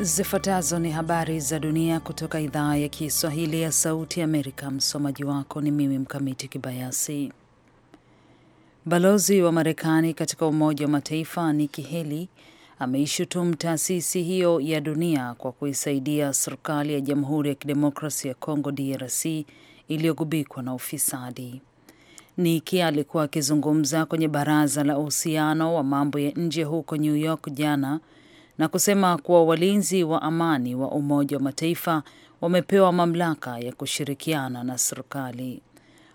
Zifuatazo ni habari za dunia kutoka idhaa ya Kiswahili ya Sauti Amerika. Msomaji wako ni mimi Mkamiti Kibayasi. Balozi wa Marekani katika Umoja wa Mataifa Nikki Haley ameishutumu taasisi hiyo ya dunia kwa kuisaidia serikali ya Jamhuri ya Kidemokrasi ya Kongo DRC iliyogubikwa na ufisadi. Nikki alikuwa akizungumza kwenye Baraza la Uhusiano wa Mambo ya Nje huko New York jana na kusema kuwa walinzi wa amani wa Umoja wa Mataifa wamepewa mamlaka ya kushirikiana na serikali.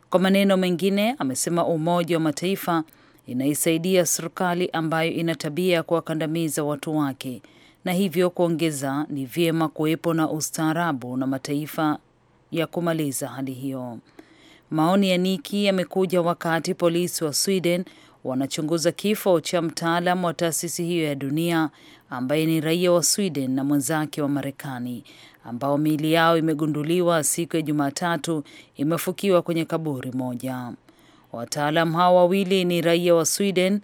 Kwa maneno mengine, amesema Umoja wa Mataifa inaisaidia serikali ambayo ina tabia ya kuwakandamiza watu wake, na hivyo kuongeza, ni vyema kuwepo na ustaarabu na mataifa ya kumaliza hali hiyo. Maoni ya Niki yamekuja wakati polisi wa Sweden wanachunguza kifo cha mtaalam wa taasisi hiyo ya dunia ambaye ni raia wa Sweden na mwenzake wa Marekani ambao miili yao imegunduliwa siku ya Jumatatu imefukiwa kwenye kaburi moja. Wataalam hao wawili ni raia wa Sweden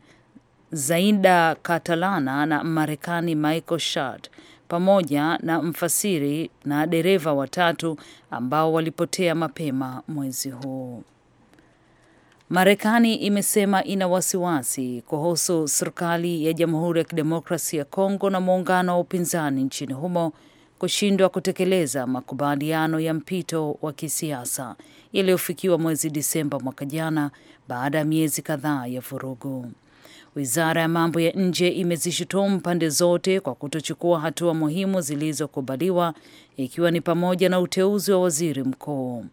zainda katalana na Marekani Michael Shard pamoja na mfasiri na dereva watatu ambao walipotea mapema mwezi huu. Marekani imesema ina wasiwasi kuhusu serikali ya Jamhuri ya kidemokrasia ya Kongo na muungano wa upinzani nchini humo kushindwa kutekeleza makubaliano ya mpito wa kisiasa yaliyofikiwa mwezi Disemba mwaka jana baada ya miezi kadhaa ya vurugu. Wizara ya mambo ya nje imezishutumu pande zote kwa kutochukua hatua muhimu zilizokubaliwa ikiwa ni pamoja na uteuzi wa waziri mkuu.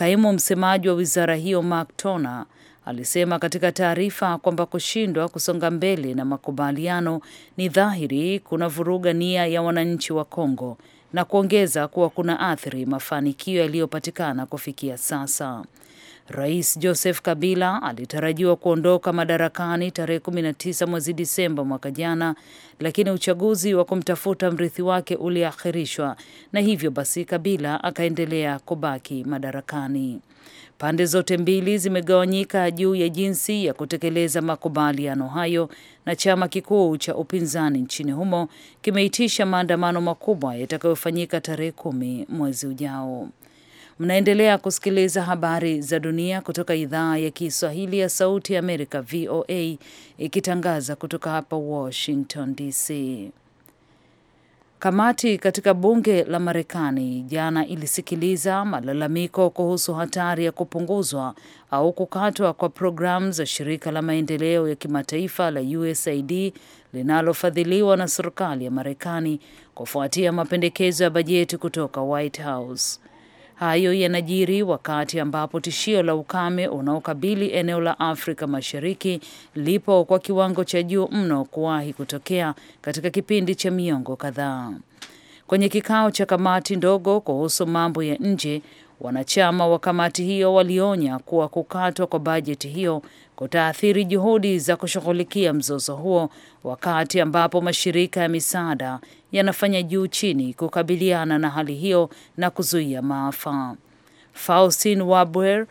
Kaimu msemaji wa wizara hiyo Mark Toner alisema katika taarifa kwamba kushindwa kusonga mbele na makubaliano ni dhahiri kuna vuruga nia ya wananchi wa Kongo na kuongeza kuwa kuna athiri mafanikio yaliyopatikana kufikia sasa. Rais Joseph Kabila alitarajiwa kuondoka madarakani tarehe 19 mwezi Disemba mwaka jana, lakini uchaguzi wa kumtafuta mrithi wake uliahirishwa na hivyo basi Kabila akaendelea kubaki madarakani. Pande zote mbili zimegawanyika juu ya jinsi ya kutekeleza makubaliano hayo, na chama kikuu cha upinzani nchini humo kimeitisha maandamano makubwa yatakayofanyika tarehe kumi mwezi ujao. Mnaendelea kusikiliza habari za dunia kutoka idhaa ya Kiswahili ya Sauti ya Amerika, VOA, ikitangaza kutoka hapa Washington DC. Kamati katika bunge la Marekani jana ilisikiliza malalamiko kuhusu hatari ya kupunguzwa au kukatwa kwa programu za shirika la maendeleo ya kimataifa la USAID linalofadhiliwa na serikali ya Marekani kufuatia mapendekezo ya bajeti kutoka White House. Hayo yanajiri wakati ambapo tishio la ukame unaokabili eneo la Afrika Mashariki lipo kwa kiwango cha juu mno kuwahi kutokea katika kipindi cha miongo kadhaa. Kwenye kikao cha kamati ndogo kuhusu mambo ya nje, wanachama wa kamati hiyo walionya kuwa kukatwa kwa bajeti hiyo kutaathiri juhudi za kushughulikia mzozo huo, wakati ambapo mashirika ya misaada yanafanya juu chini kukabiliana na hali hiyo na kuzuia maafa. Faustin Wabwer,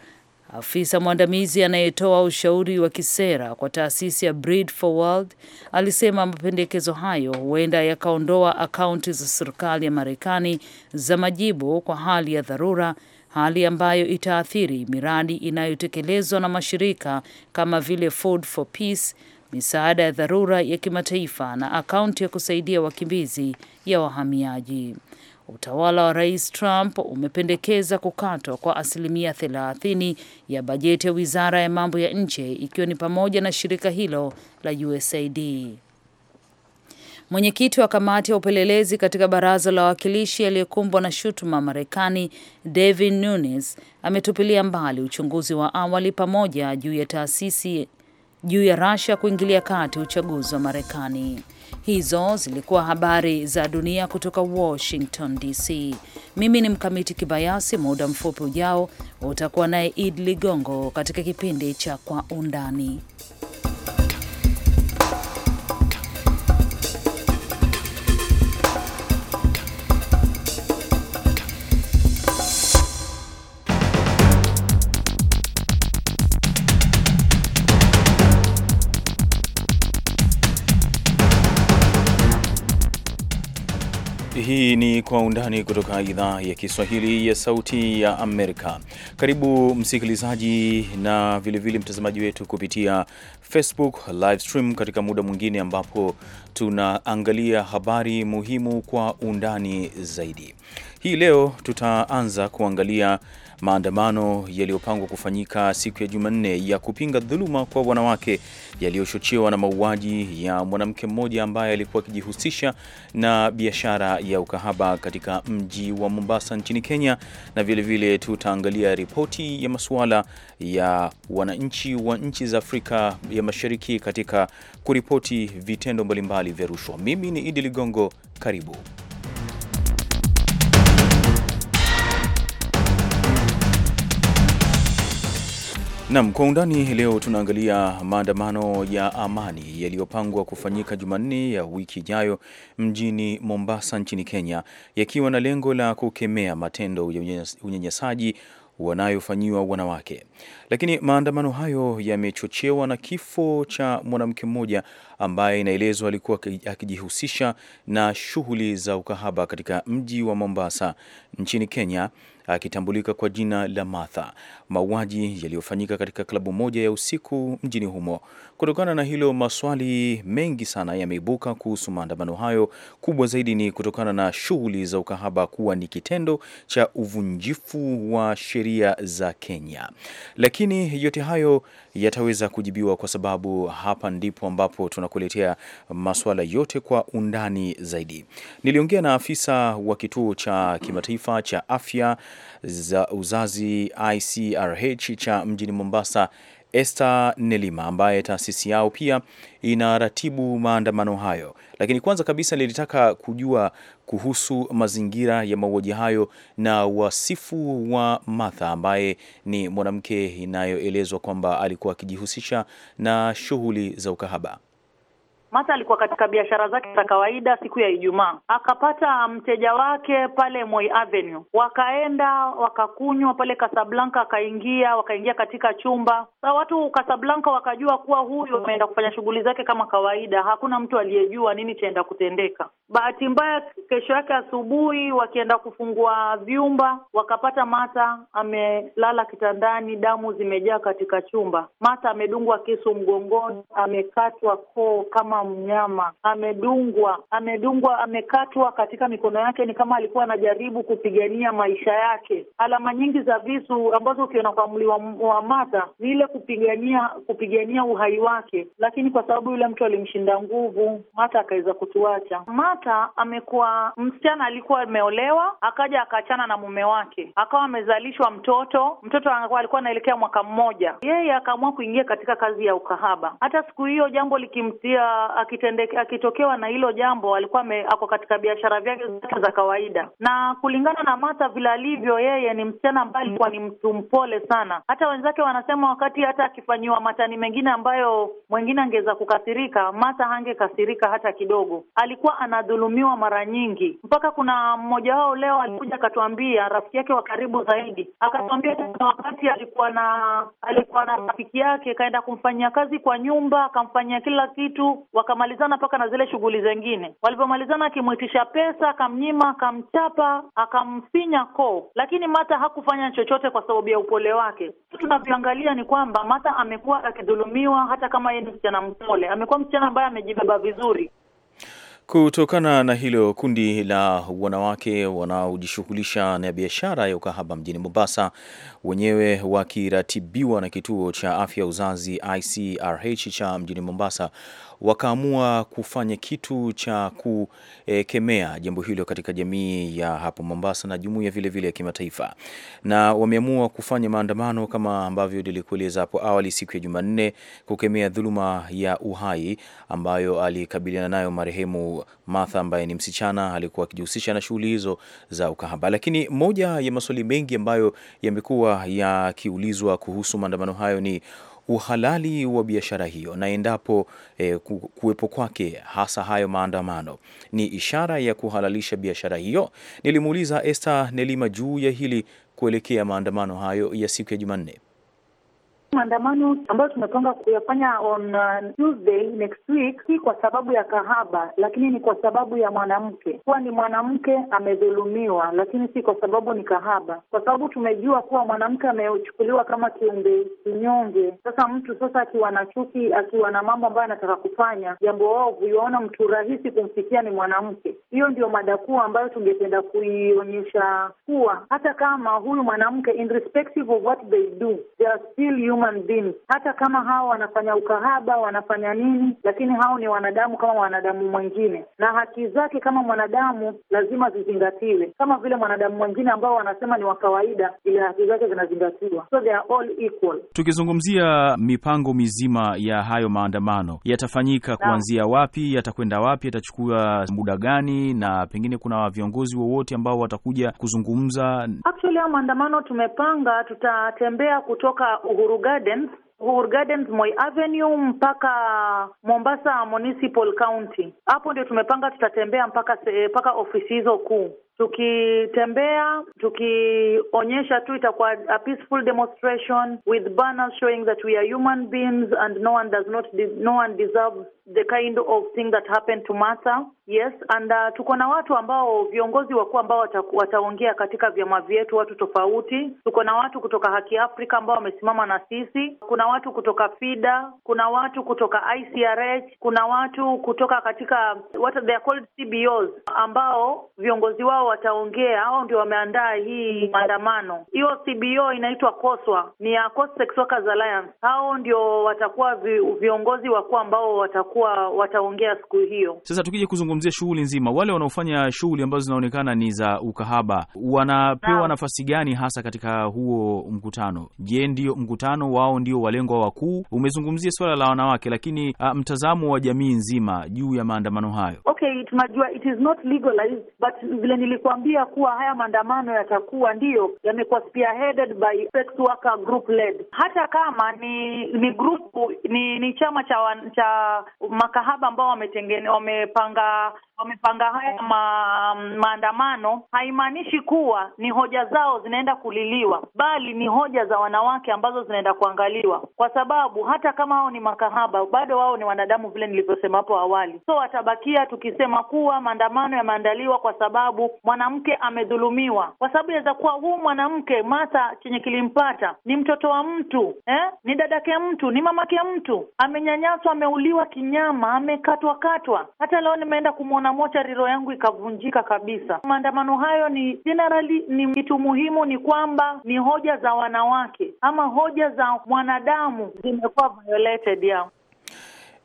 afisa mwandamizi anayetoa ushauri wa kisera kwa taasisi ya Bread for World, alisema mapendekezo hayo huenda yakaondoa akaunti za serikali ya Marekani za majibu kwa hali ya dharura hali ambayo itaathiri miradi inayotekelezwa na mashirika kama vile Food for Peace, misaada ya dharura ya kimataifa na akaunti ya kusaidia wakimbizi ya wahamiaji. Utawala wa Rais Trump umependekeza kukatwa kwa asilimia 30 ya bajeti ya wizara ya mambo ya nje ikiwa ni pamoja na shirika hilo la USAID. Mwenyekiti wa kamati ya upelelezi katika baraza la wawakilishi aliyekumbwa na shutuma Marekani, David Nunes ametupilia mbali uchunguzi wa awali pamoja juu ya taasisi juu ya Russia kuingilia kati uchaguzi wa Marekani. Hizo zilikuwa habari za dunia kutoka Washington DC. Mimi ni Mkamiti Kibayasi. Muda mfupi ujao utakuwa naye Id Ligongo katika kipindi cha Kwa Undani. ni Kwa Undani kutoka idhaa ya Kiswahili ya Sauti ya Amerika. Karibu msikilizaji na vilevile mtazamaji wetu kupitia Facebook live stream katika muda mwingine ambapo tunaangalia habari muhimu kwa undani zaidi. Hii leo tutaanza kuangalia maandamano yaliyopangwa kufanyika siku ya Jumanne ya kupinga dhuluma kwa wanawake yaliyochochewa na mauaji ya mwanamke mmoja ambaye alikuwa akijihusisha na biashara ya ukahaba katika mji wa Mombasa nchini Kenya, na vilevile tutaangalia ripoti ya masuala ya wananchi wa nchi za Afrika ya Mashariki katika kuripoti vitendo mbalimbali vya rushwa. Mimi ni Idi Ligongo, karibu. Nam kwa undani leo tunaangalia maandamano ya amani yaliyopangwa kufanyika Jumanne ya wiki ijayo mjini Mombasa nchini Kenya, yakiwa na lengo la kukemea matendo ya unyanyasaji wanayofanyiwa wanawake. Lakini maandamano hayo yamechochewa na kifo cha mwanamke mmoja ambaye inaelezwa alikuwa akijihusisha na shughuli za ukahaba katika mji wa Mombasa nchini Kenya, akitambulika kwa jina la Martha mauaji yaliyofanyika katika klabu moja ya usiku mjini humo. Kutokana na hilo, maswali mengi sana yameibuka kuhusu maandamano hayo. Kubwa zaidi ni kutokana na shughuli za ukahaba kuwa ni kitendo cha uvunjifu wa sheria za Kenya, lakini yote hayo yataweza kujibiwa kwa sababu hapa ndipo ambapo tunakuletea maswala yote kwa undani zaidi. Niliongea na afisa wa kituo cha kimataifa cha afya za uzazi IC CRH cha mjini Mombasa, Esther Nelima ambaye taasisi yao pia inaratibu maandamano hayo. Lakini kwanza kabisa nilitaka kujua kuhusu mazingira ya mauaji hayo na wasifu wa Martha ambaye ni mwanamke inayoelezwa kwamba alikuwa akijihusisha na shughuli za ukahaba. Mata alikuwa katika biashara zake za kawaida siku ya Ijumaa, akapata mteja wake pale Moi Avenue, wakaenda wakakunywa pale Casablanca, akaingia wakaingia katika chumba. Sa watu Casablanca wakajua kuwa huyu ameenda kufanya shughuli zake kama kawaida, hakuna mtu aliyejua nini chaenda kutendeka. Bahati mbaya, kesho yake asubuhi wakienda kufungua vyumba, wakapata Mata amelala kitandani, damu zimejaa katika chumba. Mata amedungwa kisu mgongoni, amekatwa koo kama kama mnyama amedungwa, amedungwa, amekatwa katika mikono yake, ni kama alikuwa anajaribu kupigania maisha yake. Alama nyingi za visu ambazo ukiona kwa mli wa mata ni ile kupigania kupigania uhai wake, lakini kwa sababu yule mtu alimshinda nguvu, mata akaweza kutuacha. mata amekuwa msichana, alikuwa ameolewa akaja akaachana na mume wake, akawa amezalishwa mtoto. Mtoto alikuwa anaelekea mwaka mmoja, yeye akaamua kuingia katika kazi ya ukahaba. Hata siku hiyo jambo likimtia akitokewa na hilo jambo alikuwa me, ako katika biashara vyake zote za kawaida, na kulingana na Mata vile alivyo yeye, ni msichana ambaye alikuwa ni mtu mpole sana. Hata wenzake wanasema wakati hata akifanyiwa matani mengine ambayo mwengine angeweza kukasirika, Martha hangekasirika hata kidogo. Alikuwa anadhulumiwa mara nyingi, mpaka kuna mmoja wao leo alikuja akatuambia, rafiki yake wa karibu zaidi akatuambia, kuna wakati alikuwa na alikuwa na rafiki yake kaenda kumfanyia kazi kwa nyumba, akamfanyia kila kitu wakamalizana mpaka na zile shughuli zingine. Walivyomalizana, akimwitisha pesa, akamnyima, akamchapa, akamfinya koo, lakini Mata hakufanya chochote kwa sababu ya upole wake. Tunavyoangalia ni kwamba Mata amekuwa akidhulumiwa, hata kama yeye ni msichana mpole, amekuwa msichana ambaye amejibeba vizuri. Kutokana na hilo, kundi la wanawake wanaojishughulisha na biashara ya ukahaba mjini Mombasa, wenyewe wakiratibiwa na kituo cha afya uzazi ICRH cha mjini Mombasa, wakaamua kufanya kitu cha kukemea jambo hilo katika jamii ya hapo Mombasa na jumuiya vile vile ya kimataifa, na wameamua kufanya maandamano kama ambavyo nilikueleza hapo awali, siku ya Jumanne kukemea dhuluma ya uhai ambayo alikabiliana nayo marehemu Martha, ambaye ni msichana alikuwa akijihusisha na shughuli hizo za ukahaba. Lakini moja ya maswali mengi ambayo yamekuwa yakiulizwa kuhusu maandamano hayo ni uhalali wa biashara hiyo na endapo e, kuwepo kwake hasa hayo maandamano ni ishara ya kuhalalisha biashara hiyo. Nilimuuliza Esther Nelima juu ya hili kuelekea maandamano hayo ya siku ya Jumanne. Maandamano ambayo tumepanga kuyafanya on uh, Tuesday next week si kwa sababu ya kahaba, lakini ni kwa sababu ya mwanamke. Kuwa ni mwanamke amedhulumiwa, lakini si kwa sababu ni kahaba, kwa sababu tumejua kuwa mwanamke amechukuliwa kama kiumbe kinyonge. Sasa mtu sasa akiwa na chuki, akiwa na mambo ambayo anataka kufanya jambo ovu, yuaona mtu rahisi kumfikia ni mwanamke. Hiyo ndio mada kuu ambayo tungependa kuionyesha kuwa hata kama huyu mwanamke in respective of what they do they are still human human beings. Hata kama hao wanafanya ukahaba, wanafanya nini, lakini hao ni wanadamu kama wanadamu mwingine, na haki zake kama mwanadamu lazima zizingatiwe kama vile mwanadamu mwingine ambao wanasema ni wa kawaida, vile haki zake zinazingatiwa. So they are all equal. Tukizungumzia mipango mizima ya hayo maandamano, yatafanyika kuanzia wapi, yatakwenda wapi, yatachukua muda gani, na pengine kuna viongozi wowote ambao watakuja kuzungumza? Actually, maandamano tumepanga, tutatembea kutoka Uhuru Gardens, Uhuru Gardens, Moi Avenue mpaka Mombasa Municipal County. Hapo ndio tumepanga tutatembea mpaka mpaka ofisi hizo kuu. Tukitembea tukionyesha tu itakuwa a peaceful demonstration with banners showing that we are human beings and no one does not de no one deserves the kind of thing that happened to Martha. Yes, and uh, tuko na watu ambao viongozi wakuu ambao wataongea wata, katika vyama vyetu, watu tofauti. Tuko na watu kutoka Haki Afrika ambao wamesimama na sisi, kuna watu kutoka FIDA, kuna watu kutoka ICRH, kuna watu kutoka katika what they are called CBOs ambao viongozi wao wataongea, hao ndio wameandaa hii maandamano. Hiyo CBO inaitwa KOSWA, ni ya Coast Sex Workers Alliance. Hao ndio watakuwa vi, viongozi wakuu ambao watakuwa wataongea siku hiyo. Sasa tukija kuzungumzia shughuli nzima, wale wanaofanya shughuli ambazo zinaonekana ni za ukahaba wanapewa na nafasi gani hasa katika huo mkutano? Je, ndio mkutano wao ndio walengwa wakuu? Umezungumzia suala la wanawake, lakini uh, mtazamo wa jamii nzima juu ya maandamano hayo. Okay, tunajua it is not legalized but vile Nilikwambia kuwa haya maandamano yatakuwa ndiyo yamekuwa spearheaded by sex worker group led, hata kama ni ni grupu ni, ni chama cha, wan, cha makahaba ambao wametengene wamepanga wamepanga haya ma, maandamano, haimaanishi kuwa ni hoja zao zinaenda kuliliwa, bali ni hoja za wanawake ambazo zinaenda kuangaliwa, kwa sababu hata kama hao ni makahaba, bado wao ni wanadamu, vile nilivyosema hapo awali. So watabakia tukisema kuwa maandamano yameandaliwa kwa sababu mwanamke amedhulumiwa, kwa sababu inaweza kuwa huu mwanamke Martha chenye kilimpata ni mtoto wa mtu eh? ni dadake mtu, ni mamake mtu, amenyanyaswa, ameuliwa kinyama, amekatwa katwa. Hata leo nimeenda kumwona mocha, riro yangu ikavunjika kabisa. Maandamano hayo ni generally, ni kitu muhimu, ni kwamba ni hoja za wanawake ama hoja za mwanadamu zimekuwa violated yao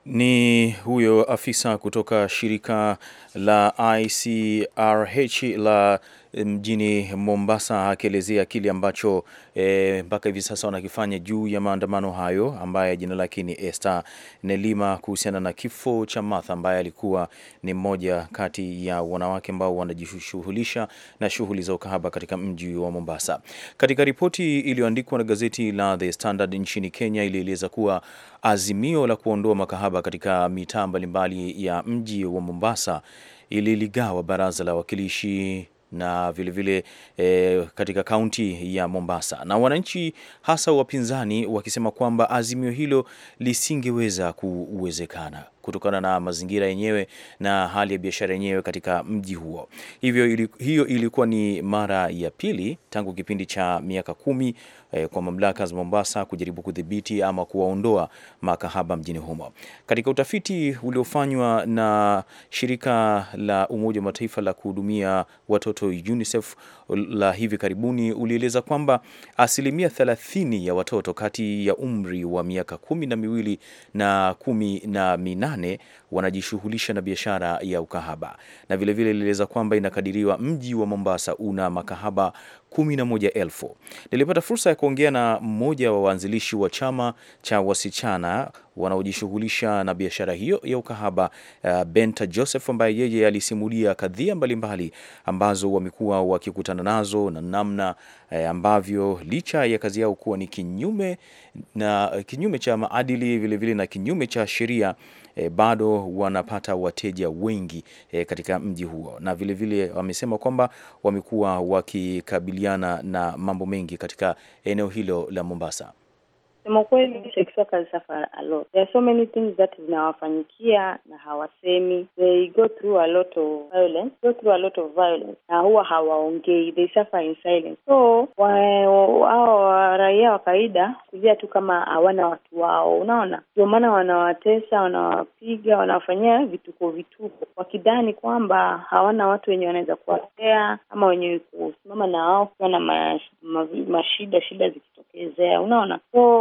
ni huyo afisa kutoka shirika la ICRH la mjini Mombasa akielezea kile ambacho eh, mpaka e, hivi sasa wanakifanya juu ya maandamano hayo ambaye jina lake ni Esther Nelima kuhusiana na kifo cha Martha ambaye alikuwa ni mmoja kati ya wanawake ambao wanajishughulisha na shughuli za ukahaba katika mji wa Mombasa. Katika ripoti iliyoandikwa na gazeti la The Standard nchini Kenya ilieleza kuwa azimio la kuondoa makahaba katika mitaa mbalimbali ya mji wa Mombasa ililigawa baraza la wakilishi na vilevile vile, e, katika kaunti ya Mombasa, na wananchi hasa wapinzani wakisema kwamba azimio hilo lisingeweza kuwezekana kutokana na mazingira yenyewe na hali ya biashara yenyewe katika mji huo. Hivyo hiyo ilikuwa ni mara ya pili tangu kipindi cha miaka kumi eh, kwa mamlaka za Mombasa kujaribu kudhibiti ama kuwaondoa makahaba mjini humo. Katika utafiti uliofanywa na shirika la Umoja wa Mataifa la kuhudumia watoto UNICEF la hivi karibuni ulieleza kwamba asilimia 30 ya watoto kati ya umri wa miaka kumi na miwili na kumi na minane nane wanajishughulisha na biashara ya ukahaba, na vilevile ilieleza kwamba inakadiriwa mji wa Mombasa una makahaba 11,000. Nilipata fursa ya kuongea na mmoja wa waanzilishi wa chama cha wasichana wanaojishughulisha na biashara hiyo ya ukahaba uh, Benta Joseph ambaye yeye alisimulia kadhia mbalimbali ambazo wamekuwa wakikutana nazo na namna eh, ambavyo licha ya kazi yao kuwa ni kinyume na kinyume cha maadili vilevile vile na kinyume cha sheria eh, bado wanapata wateja wengi eh, katika mji huo, na vilevile wamesema kwamba wamekuwa wakikabiliana kukabiliana na mambo mengi katika eneo hilo la Mombasa. Sema kweli sex Sheikh suffer a lot. There are so many things that zinawafanyikia na hawasemi. They go through a lot of violence, go through a lot of violence na huwa hawaongei, they suffer in silence. So hao raia wa kawaida kulia tu kama hawana watu wao, unaona, ndio maana wanawatesa, wanawapiga, wanawafanyia vituko vituko, wakidhani kwamba hawana watu wenye wanaweza kuwatea ama wenye kusimama na wao kuwa na mashida shida zikitokezea, unaona so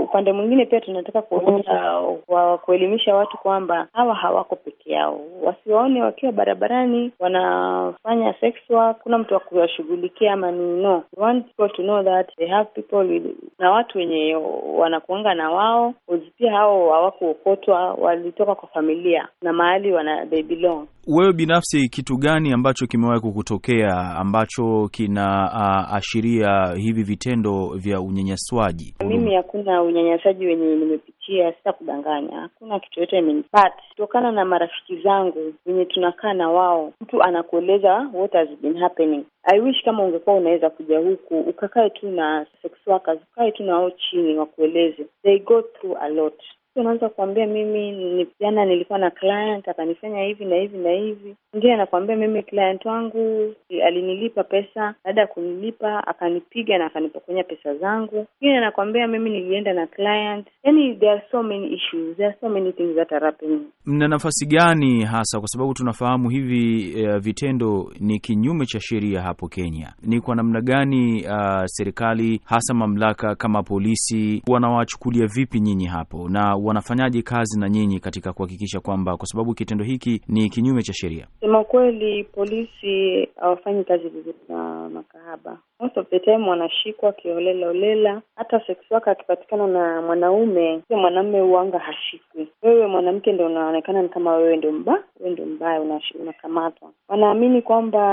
upande mwingine pia tunataka kuonyesha kwa kuelimisha watu kwamba hawa hawako peke yao, wasiwaone wakiwa barabarani wanafanya sex work, kuna mtu wa kuwashughulikia ama ni no, we want people to know that they have people with, na watu wenye wanakuanga na wao pia hao hawakuokotwa, walitoka kwa familia na mahali wana they belong wewe binafsi kitu gani ambacho kimewahi kukutokea ambacho kinaashiria uh, hivi vitendo vya unyanyaswaji? Mimi hakuna unyanyasaji wenye nimepitia, sita kudanganya, hakuna kitu yote imenipat. kutokana na marafiki zangu wenye tunakaa na wao. Mtu anakueleza what has been happening. I wish kama ungekuwa unaweza kuja huku ukakae tu na sex workers, ukae tu na wao chini wakueleze. They go through a lot unaanza kuambia mimi ni, jana nilikuwa na client akanifanya hivi na hivi na hivi. Mwingine anakuambia mimi client wangu alinilipa pesa, baada ya kunilipa akanipiga na akanipokonya pesa zangu. Mwingine anakuambia mimi nilienda na client. Yani there are so many issues, there are so many things that are happening. Mna nafasi gani hasa, kwa sababu tunafahamu hivi uh, vitendo ni kinyume cha sheria hapo Kenya. Ni kwa namna gani uh, serikali hasa mamlaka kama polisi wanawachukulia vipi nyinyi hapo na wanafanyaje kazi na nyinyi katika kuhakikisha kwamba, kwa sababu kitendo hiki ni kinyume cha sheria? Sema kweli, polisi hawafanyi kazi vizuri na makahaba. Most of the time wanashikwa kiolela olela. Hata sex worker akipatikana na mwanaume, mwanaume uanga hashikwi. Wewe mwanamke ndo unaonekana ni kama wewe ndo mba wewe ndo mbaya, unakamatwa. Wanaamini kwamba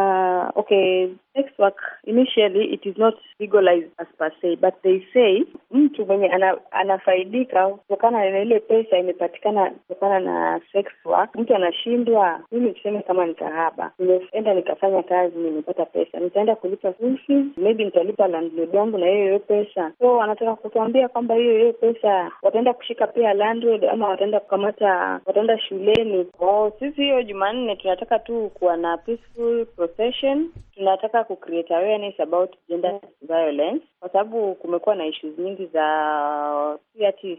okay, sex work initially it is not legalized as per se, but they say mtu mwenye ana, anafaidika kutokana ile pesa imepatikana kutokana na sex work, mtu anashindwa. Mimi tuseme kama ni kahaba, nimeenda nikafanya kazi, nimepata pesa, nitaenda kulipa fees, maybe nitalipa landlord wangu na hiyo hiyo pesa. So wanataka kutuambia kwamba hiyo hiyo pesa wataenda kushika pia landlord, ama wataenda kukamata, wataenda shuleni. Oh, sisi hiyo Jumanne tunataka tu kuwa na peaceful procession, tunataka ku create awareness about gender violence, kwa sababu kumekuwa na issues nyingi za pia ati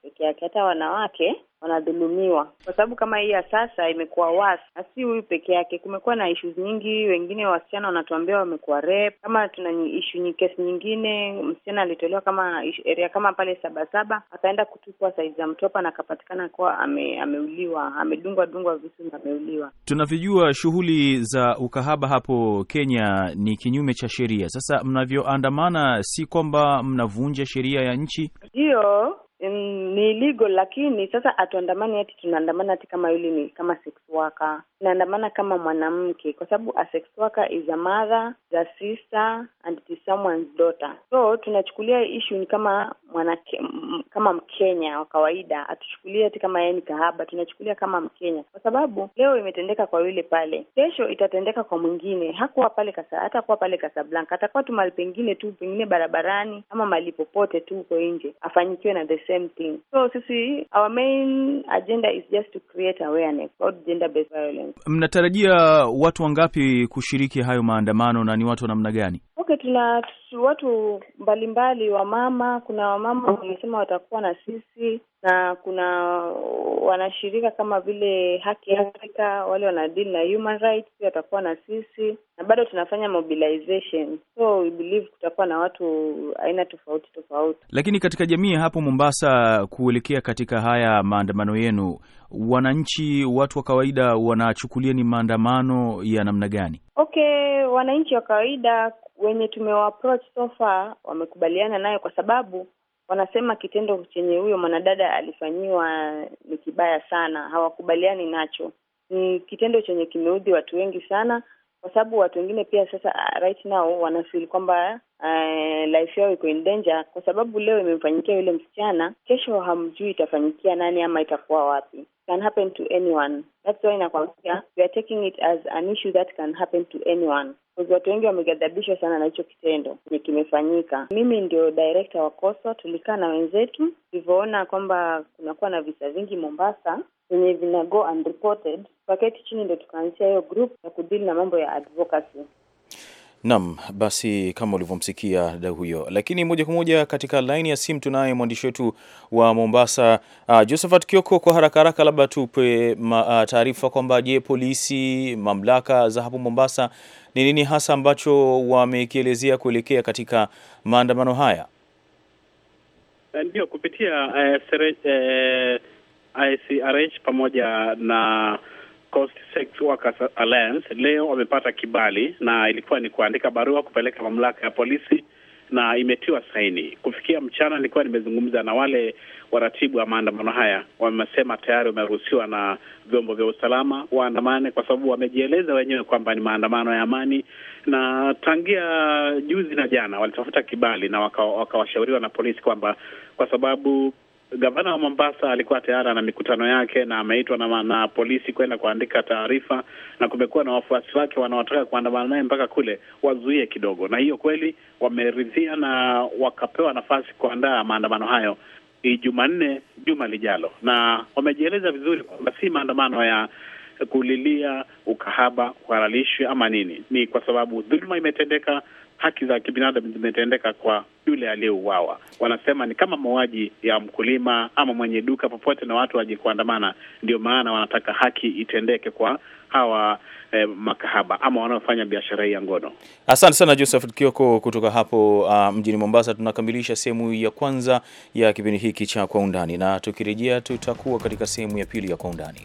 peke yake wanawake, hata wanawake wanadhulumiwa kwa sababu kama hii ya sasa imekuwa wasi, na si huyu peke yake. Kumekuwa na ishu nyingi, wengine wasichana wanatuambia wamekuwa rape. Kama tuna nyi, kesi nyingine, msichana alitolewa kama area kama pale Sabasaba, akaenda kutupwa saizi za Mtopa na akapatikana kuwa ame, ameuliwa amedungwa dungwa visu na ameuliwa. Tunavyojua shughuli za ukahaba hapo Kenya ni kinyume cha sheria. Sasa mnavyoandamana, si kwamba mnavunja sheria ya nchi, ndio ni illegal lakini sasa atuandamani ati tunaandamana ati kama yule ni kama sex worker, tunaandamana kama mwanamke, kwa sababu a sex worker is a mother, is a sister and it is someone's daughter. So tunachukulia issue ni kama mwanake, kama Mkenya wa kawaida, atuchukulie ati kama yeye ni kahaba, tunachukulia kama Mkenya kwa sababu leo imetendeka kwa yule pale, kesho itatendeka kwa mwingine. Hakuwa pale kasa, kuwa pale Casablanca, atakuwa tu mali pengine tu, pengine barabarani ama mali popote tu huko nje, afanyikiwe na the same thing. So sisi our main agenda is just to create awareness about gender based violence. Mnatarajia watu wangapi kushiriki hayo maandamano na ni watu wa namna gani? Okay, tuna watu mbalimbali, wamama, kuna wamama oh. wamesema watakuwa na sisi, na kuna wanashirika kama vile Haki Afrika, wale wanadili na human rights pia watakuwa na sisi, na bado tunafanya mobilization, so we believe kutakuwa na watu aina tofauti tofauti. Lakini katika jamii hapo Mombasa, kuelekea katika haya maandamano yenu, wananchi, watu wa kawaida wanachukulia ni maandamano ya namna gani? Okay, wananchi wa kawaida wenye tumewaapproach so far wamekubaliana nayo, kwa sababu wanasema kitendo chenye huyo mwanadada alifanyiwa ni kibaya sana, hawakubaliani nacho. Ni kitendo chenye kimeudhi watu wengi sana, kwa sababu watu wengine pia sasa ah, right now wanafeel kwamba Uh, life yao iko in danger kwa sababu leo imemfanyikia yule msichana, kesho hamjui itafanyikia nani ama itakuwa wapi. Can happen to anyone, that's why we are taking it as an issue that can happen to anyone. Watu wengi wameghadhabishwa sana na hicho kitendo enye kimefanyika. Mimi ndio director wa COSWA, tulikaa na wenzetu, tulivyoona kwamba kunakuwa na visa vingi Mombasa venye vina go unreported, tukaketi chini ndo tukaanzia hiyo group ya kudili na mambo ya advocacy. Naam, basi kama ulivyomsikia da huyo. Lakini moja kwa moja katika laini ya simu tunaye mwandishi wetu wa Mombasa, uh, Josephat Kioko. Kwa haraka haraka, labda tupe uh, taarifa kwamba, je, polisi, mamlaka za hapo Mombasa ni nini hasa ambacho wamekielezea kuelekea katika maandamano haya? Eh, ndio, kupitia uh, sere, uh, eh, ICRH pamoja na Workers Alliance leo wamepata kibali na ilikuwa ni kuandika barua kupeleka mamlaka ya polisi na imetiwa saini. Kufikia mchana, nilikuwa nimezungumza na wale waratibu wa maandamano haya, wamesema tayari wameruhusiwa na vyombo vya usalama waandamane, kwa sababu wamejieleza wenyewe kwamba ni maandamano ya amani, na tangia juzi na jana walitafuta kibali na wakawashauriwa waka na polisi kwamba kwa sababu Gavana wa Mombasa alikuwa tayari ana mikutano yake na ameitwa na, na polisi kwenda kuandika taarifa, na kumekuwa na wafuasi wake wanaotaka kuandamana naye mpaka kule, wazuie kidogo. Na hiyo kweli wameridhia na wakapewa nafasi kuandaa maandamano hayo Jumanne juma lijalo, na wamejieleza vizuri kwamba si maandamano ya kulilia ukahaba, uhalalishi ama nini, ni kwa sababu dhuluma imetendeka haki za kibinadamu zimetendeka kwa yule aliyeuawa. Wanasema ni kama mauaji ya mkulima ama mwenye duka popote, na watu waje kuandamana. Ndio maana wanataka haki itendeke kwa hawa eh, makahaba ama wanaofanya biashara hii ya ngono. Asante sana Joseph Kioko kutoka hapo uh, mjini Mombasa. Tunakamilisha sehemu ya kwanza ya kipindi hiki cha Kwa Undani, na tukirejea tutakuwa katika sehemu ya pili ya Kwa Undani.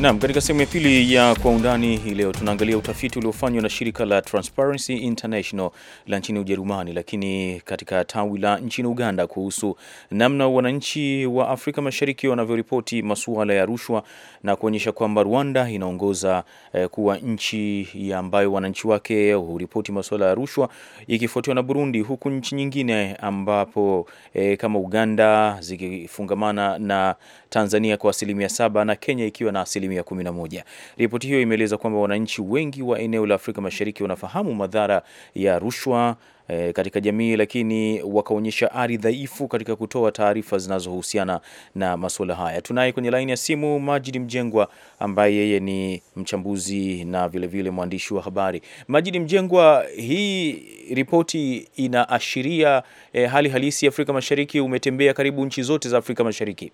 Naam, katika sehemu ya pili ya kwa undani hii leo tunaangalia utafiti uliofanywa na shirika la Transparency International la nchini Ujerumani, lakini katika tawi la nchini Uganda kuhusu namna wananchi wa Afrika Mashariki wanavyoripoti masuala ya rushwa na kuonyesha kwamba Rwanda inaongoza eh, kuwa nchi ambayo wananchi wake huripoti masuala ya rushwa ikifuatiwa na Burundi, huku nchi nyingine ambapo eh, kama Uganda zikifungamana na Tanzania kwa asilimia saba na Kenya ikiwa na asilimia asilimia 11. Ripoti hiyo imeeleza kwamba wananchi wengi wa eneo la Afrika Mashariki wanafahamu madhara ya rushwa eh, katika jamii, lakini wakaonyesha ari dhaifu katika kutoa taarifa zinazohusiana na masuala haya. Tunaye kwenye laini ya simu Majid Mjengwa ambaye yeye ni mchambuzi na vilevile mwandishi wa habari. Majid Mjengwa, hii ripoti inaashiria eh, hali halisi Afrika Mashariki. Umetembea karibu nchi zote za Afrika Mashariki.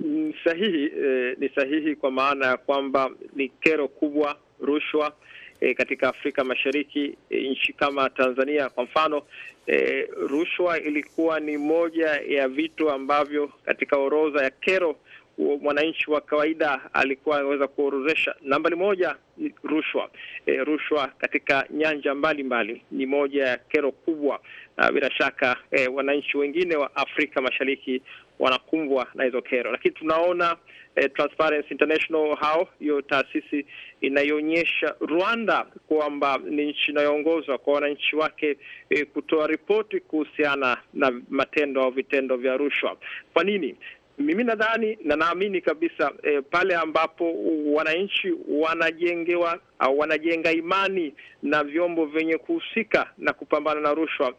Ni sahihi eh, ni sahihi kwa maana ya kwamba ni kero kubwa rushwa eh, katika Afrika Mashariki eh, nchi kama Tanzania kwa mfano eh, rushwa ilikuwa ni moja ya vitu ambavyo katika orodha ya kero mwananchi wa kawaida alikuwa anaweza kuorozesha. Nambari moja ni rushwa. E, rushwa katika nyanja mbalimbali mbali ni moja ya kero kubwa, na bila shaka e, wananchi wengine wa Afrika Mashariki wanakumbwa na hizo kero, lakini tunaona e, Transparency International hao, hiyo taasisi inayoonyesha Rwanda kwamba ni nchi inayoongozwa kwa wananchi wake e, kutoa ripoti kuhusiana na matendo au vitendo vya rushwa. Kwa nini? Mimi nadhani na naamini kabisa e, pale ambapo wananchi wanajengewa au wanajenga imani na vyombo vyenye kuhusika na kupambana na rushwa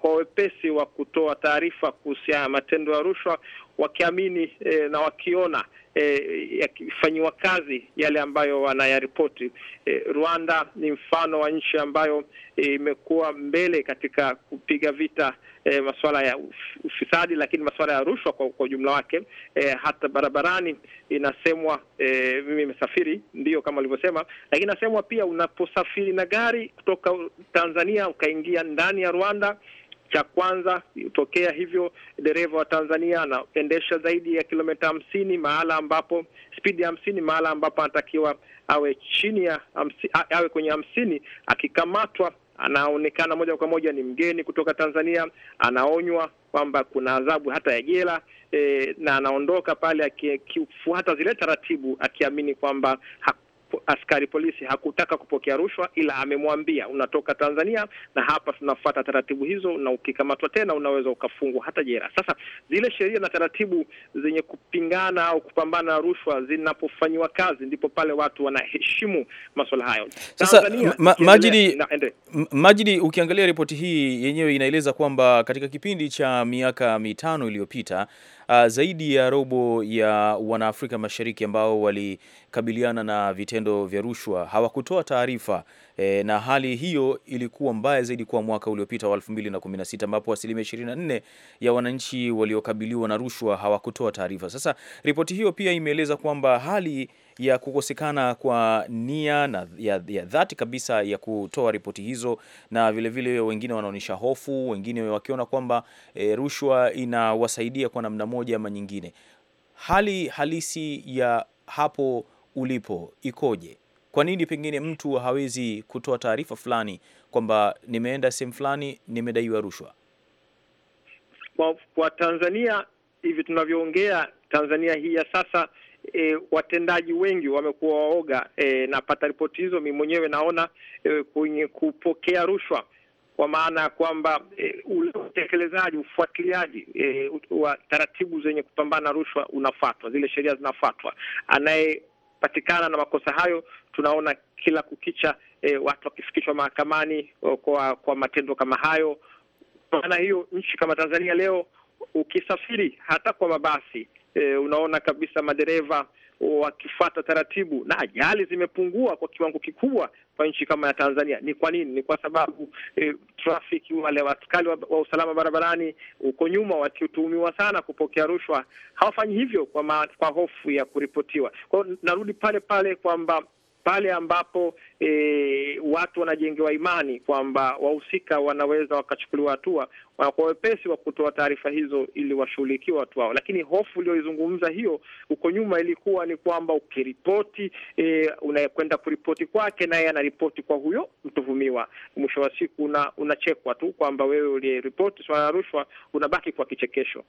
kwa wepesi wa kutoa taarifa kuhusiana na matendo ya rushwa, wakiamini e, na wakiona e, yakifanyiwa kazi yale ambayo wanayaripoti. E, Rwanda ni mfano wa nchi ambayo imekuwa mbele katika kupiga vita e, masuala ya ufisadi, lakini masuala ya rushwa kwa, ujumla wake. E, hata barabarani inasemwa, e, mimi nimesafiri ndio kama ulivyosema, lakini inasemwa pia unaposafiri na gari kutoka Tanzania ukaingia ndani ya Rwanda cha kwanza hutokea hivyo, dereva wa Tanzania anaendesha zaidi ya kilomita hamsini mahala ambapo spidi ya hamsini mahala ambapo anatakiwa awe chini ya hamsini, awe kwenye hamsini. Akikamatwa anaonekana moja kwa moja ni mgeni kutoka Tanzania, anaonywa kwamba kuna adhabu hata ya jela e, na anaondoka pale akifuata zile taratibu akiamini kwamba askari polisi hakutaka kupokea rushwa, ila amemwambia unatoka Tanzania na hapa tunafuata taratibu hizo, na ukikamatwa tena unaweza ukafungwa hata jera. Sasa zile sheria na taratibu zenye kupingana au kupambana na rushwa zinapofanyiwa kazi, ndipo pale watu wanaheshimu masuala hayo. Sasa majidi, majidi, ukiangalia ripoti hii yenyewe inaeleza kwamba katika kipindi cha miaka mitano iliyopita uh, zaidi ya robo ya Wanaafrika Mashariki ambao walikabiliana na vitendo vya rushwa hawakutoa taarifa e, na hali hiyo ilikuwa mbaya zaidi kwa mwaka uliopita wa 2016 ambapo asilimia 24 ya wananchi waliokabiliwa na rushwa hawakutoa taarifa. Sasa ripoti hiyo pia imeeleza kwamba hali ya kukosekana kwa nia na ya, ya dhati kabisa ya kutoa ripoti hizo, na vilevile vile wengine wanaonyesha hofu, wengine wakiona kwamba e, rushwa inawasaidia kwa namna moja ama nyingine. Hali halisi ya hapo ulipo ikoje? Kwa nini pengine mtu hawezi kutoa taarifa fulani kwamba nimeenda sehemu fulani nimedaiwa rushwa? Kwa, kwa Tanzania hivi tunavyoongea, Tanzania hii ya sasa e, watendaji wengi wamekuwa waoga e, napata ripoti hizo mi mwenyewe naona e, kwenye kupokea rushwa kwa maana ya kwamba e, ule utekelezaji, ufuatiliaji e, wa taratibu zenye kupambana rushwa unafatwa zile sheria zinafatwa Anayepatikana na makosa hayo tunaona kila kukicha e, watu wakifikishwa mahakamani e, kwa kwa matendo kama hayo. Kwa maana hiyo, nchi kama Tanzania leo ukisafiri hata kwa mabasi e, unaona kabisa madereva wakifata taratibu na ajali zimepungua kwa kiwango kikubwa kwa nchi kama ya Tanzania. Ni kwa nini? Ni kwa sababu e, trafiki wale waskali wa, wa usalama barabarani huko nyuma wakituhumiwa sana kupokea rushwa hawafanyi hivyo kwa, ma, kwa hofu ya kuripotiwa. Kwa hiyo narudi pale pale kwamba pale ambapo e, watu wanajengewa imani kwamba wahusika wanaweza wakachukuliwa hatua, wanakuwa wepesi wa kutoa taarifa hizo ili washughulikiwe watu wao. Lakini hofu uliyoizungumza hiyo, huko nyuma ilikuwa ni kwamba ukiripoti, e, unayekwenda kuripoti kwake naye anaripoti kwa huyo mtuhumiwa, mwisho wa siku unachekwa una tu kwamba wewe uliyeripoti swala la rushwa unabaki kwa kichekesho.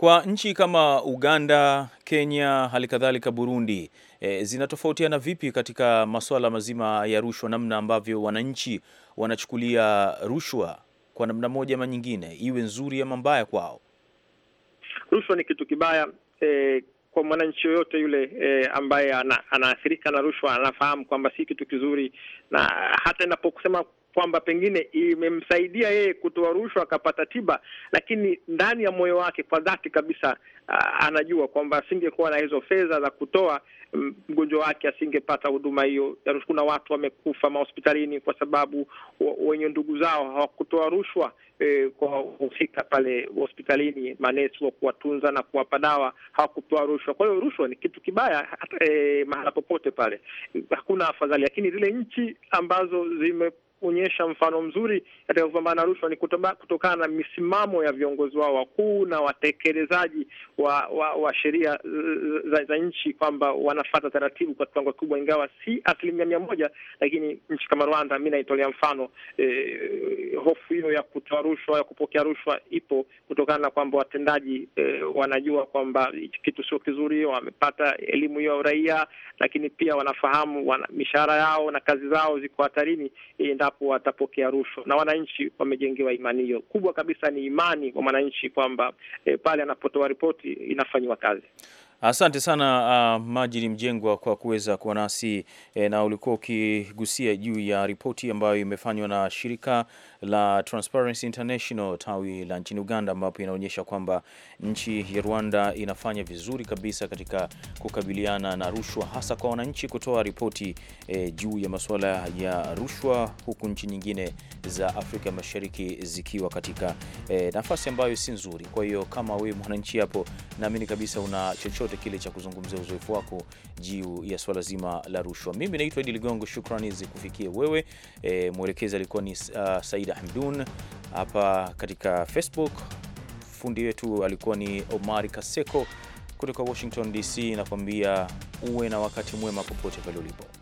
Kwa nchi kama Uganda, Kenya, hali kadhalika Burundi, e, zinatofautiana vipi katika masuala mazima ya rushwa, namna ambavyo wananchi wanachukulia rushwa kwa namna moja ama nyingine, iwe nzuri ama mbaya kwao? Rushwa ni kitu kibaya e, kwa mwananchi yoyote yule e, ambaye anaathirika na rushwa anafahamu kwamba si kitu kizuri, na hata inapokusema kwamba pengine imemsaidia yeye kutoa rushwa akapata tiba, lakini ndani ya moyo wake kwa dhati kabisa uh, anajua kwamba asingekuwa na hizo fedha za kutoa mgonjwa wake asingepata huduma hiyo. Kuna watu wamekufa mahospitalini kwa sababu wenye ndugu zao hawakutoa rushwa eh, kwa wahusika pale hospitalini, manesi wa kuwatunza na kuwapa dawa hawakutoa rushwa. Kwa hiyo rushwa ni kitu kibaya eh, mahala popote pale, hakuna afadhali, lakini zile nchi ambazo zime kuonyesha mfano mzuri katika kupambana na rushwa ni kutokana na misimamo ya viongozi wao wakuu na watekelezaji wa, wa, wa sheria za, za nchi kwamba wanafata taratibu kwa kiwango kikubwa, ingawa si asilimia mia moja, lakini nchi kama Rwanda mi naitolea mfano e, hofu hiyo ya kutoa rushwa ya kupokea rushwa ipo kutokana na kwamba watendaji e, wanajua kwamba kitu sio kizuri, wamepata elimu hiyo ya uraia, lakini pia wanafahamu wana, mishahara yao na kazi zao ziko hatarini e, endapo watapokea rushwa, na wananchi wamejengewa imani hiyo. Kubwa kabisa ni imani kwa mwananchi kwamba e, pale anapotoa ripoti inafanyiwa kazi. Asante sana uh, Majini Mjengwa kwa kuweza kuwa nasi e, na ulikuwa ukigusia juu ya ripoti ambayo imefanywa na shirika la Transparency International tawi la nchini Uganda, ambapo inaonyesha kwamba nchi ya Rwanda inafanya vizuri kabisa katika kukabiliana na rushwa, hasa kwa wananchi kutoa ripoti e, juu ya masuala ya rushwa, huku nchi nyingine za Afrika Mashariki zikiwa katika e, nafasi ambayo si nzuri. Kwa hiyo kama wewe mwananchi hapo, naamini kabisa una chochote kile cha kuzungumzia uzoefu wako juu ya swala zima la rushwa. Mimi naitwa Idi Ligongo, shukrani zikufikie wewe. E, mwelekezi alikuwa ni uh, Saida Said Hamdun hapa katika Facebook. Fundi wetu alikuwa ni Omari Kaseko kutoka Washington DC, nakwambia uwe na wakati mwema popote pale ulipo.